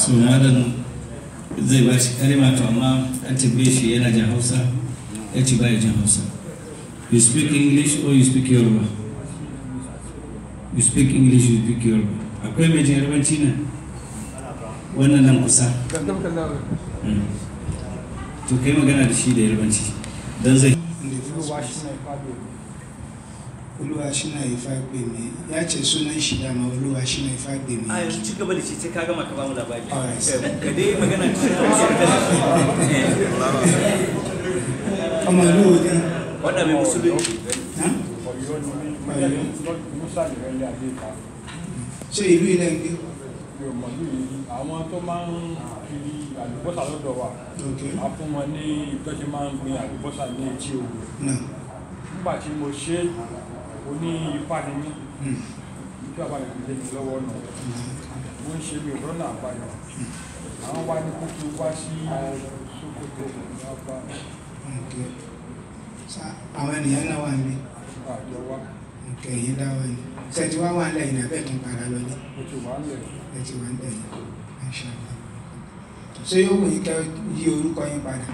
sunanan zai ba shi kalima to amma an tambaye shi yana jin hausa ya ce baya jin hausa you speak english or you speak yoruba you speak english you speak yoruba akwai mai jin yarbanci na wannan nan kusa hmm. to kai magana da shi da yarbanci Dan zai olúwa ṣínà Ifágbèmí ya ce sunan shi dama olúwa ṣínà Ifágbèmí a yanzu ci gaba da shi sai ka gama ka bamu labari eh, ka dai magana ta kamar lóò ní wọ́dà mi mùsùlùmí ṣe ìlú ilẹ̀ ń gbé àwọn tó máa ń fi àlùbọ́sà lọ́dọ̀ wa a fún wọn ní ìtọ́jú máa ń gbin àlùbọ́sà ní etí ogun nígbà tí mo ṣe ó ní ipá ni mí nígbà bá yẹn lé mi lọ́wọ́ nù ó ń ṣe mi ò lọ́nà àbáyọ hmm. àwọn wá ní kókó wá sí Sókótó lápá. àwọn ènìyàn náà wà níbí. àjọ wa. kẹ̀yìn dáwọ́ ni sẹ́tí wá wà lẹ́yìn náà bẹ́ẹ̀ tún para lọ ní. o ti wà lẹ̀. ṣé yóò wù yín yí orúkọ yín padà.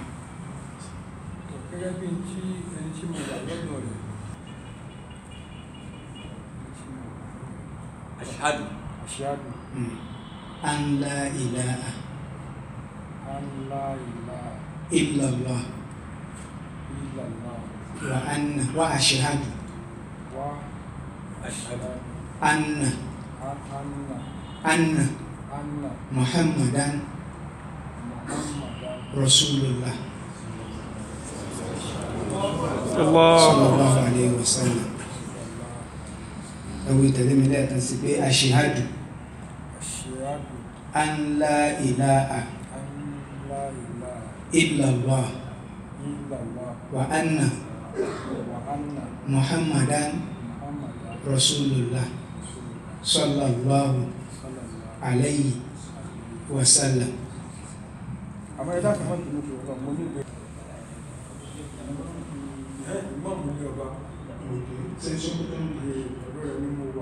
gẹ́gẹ́ bí n tí ẹni tí mo wà lọ́dọ̀ rẹ̀ أشهد أشهد أن لا إله أن لا إله إلا الله إلا الله وأن وأشهد وأشهد أن أن أن محمدا رسول الله صلى الله عليه وسلم ẹwì tẹ̀lé mi lẹ́ẹ̀kan sí pé aṣíhádù an la ilaha illallah wa anna muhammadan rasulullah sallallahu alayhi wa sallam àmọ́ ìmọ̀ mú ní ọba ṣe ń sọ́kútọ́ ní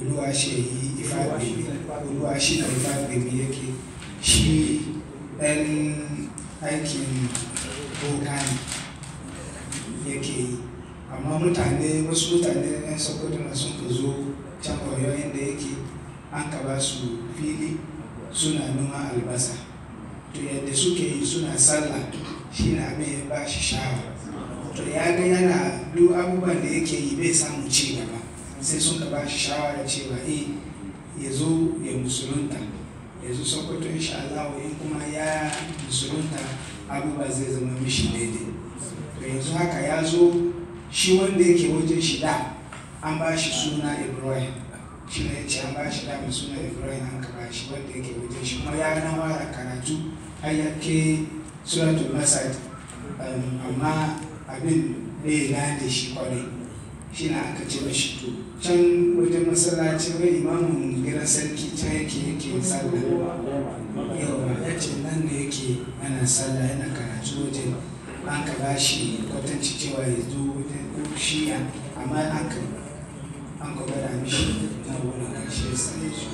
Oluwaseyi Ifabimi Oluwasina Ifabimi yake shi ɗan aikin boka ne yake yi amma mutane wasu mutane ɗan sakwaduna sun ka zo can kwayo inda yake an ka ba su fili suna noma albasa to yadda suke yi suna sallah shi na abin ba shi shawara to ya ga yana duk abubuwan da yake yi bai samu ci gaba sai suka ba shi shawara cewa e ya zo ya musulunta ya zo sokoto insha Allah in kuma ya musulunta abubuwa zai zama mishi daidai to yanzu haka ya zo shi wanda yake wajen shida an ba shi suna ibrahim shi ne ce an ba shi da mai suna ibrahim an ba shi wanda yake wajen shi kuma ya na wara karatu har ya ke suratul masad amma abin bai da shi kwarai shi na aka ce mashi to can wajen masallacin wai imamun gidan sarki can yake yake sallah yawa ya ce nan da yake ana sallah yana karatu wajen an ka ba shi kwatanci cewa ya zo wajen shiya amma an ka an ka gwada mishi na wani karshe sai su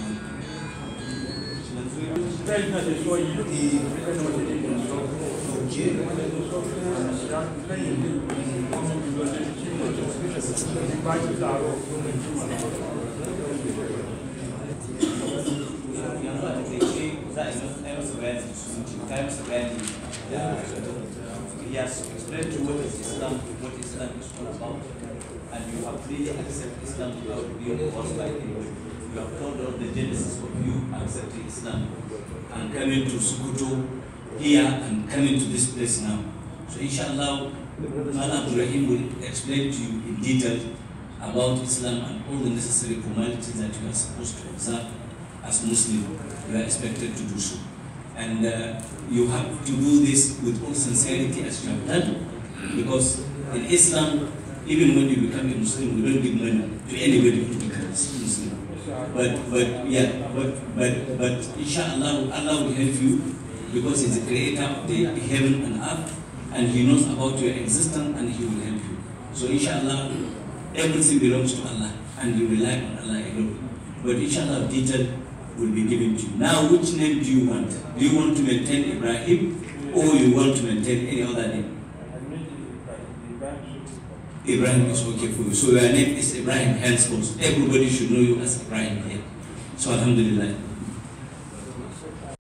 Okay. times when uh, to what is Islam, what Islam is all about, and you have really accepted Islam without being forced by him. You have told all the genesis of you accepting Islam and coming to Sokoto here and coming to this place now. So inshallah, Madam Rahim will explain to you in detail about Islam and all the necessary formalities that you are supposed to observe as Muslim. You are expected to do so. And uh, you have to do this with all sincerity as you have done, because in Islam, even when you become a Muslim, we don't give money to anybody who becomes Muslim. But, but, yeah, but, but, but, inshallah, Allah will help you because He's the creator of the heaven and earth and He knows about your existence and He will help you. So inshallah, everything belongs to Allah and you rely on Allah alone. But inshallah, detail will be given to you. Now, which name do you want? Do you want to maintain Ibrahim or you want to maintain any other name? Ibrahim is okay for you. So your name is Ibrahim henceforth. Everybody should know you as Ibrahim here. So Alhamdulillah.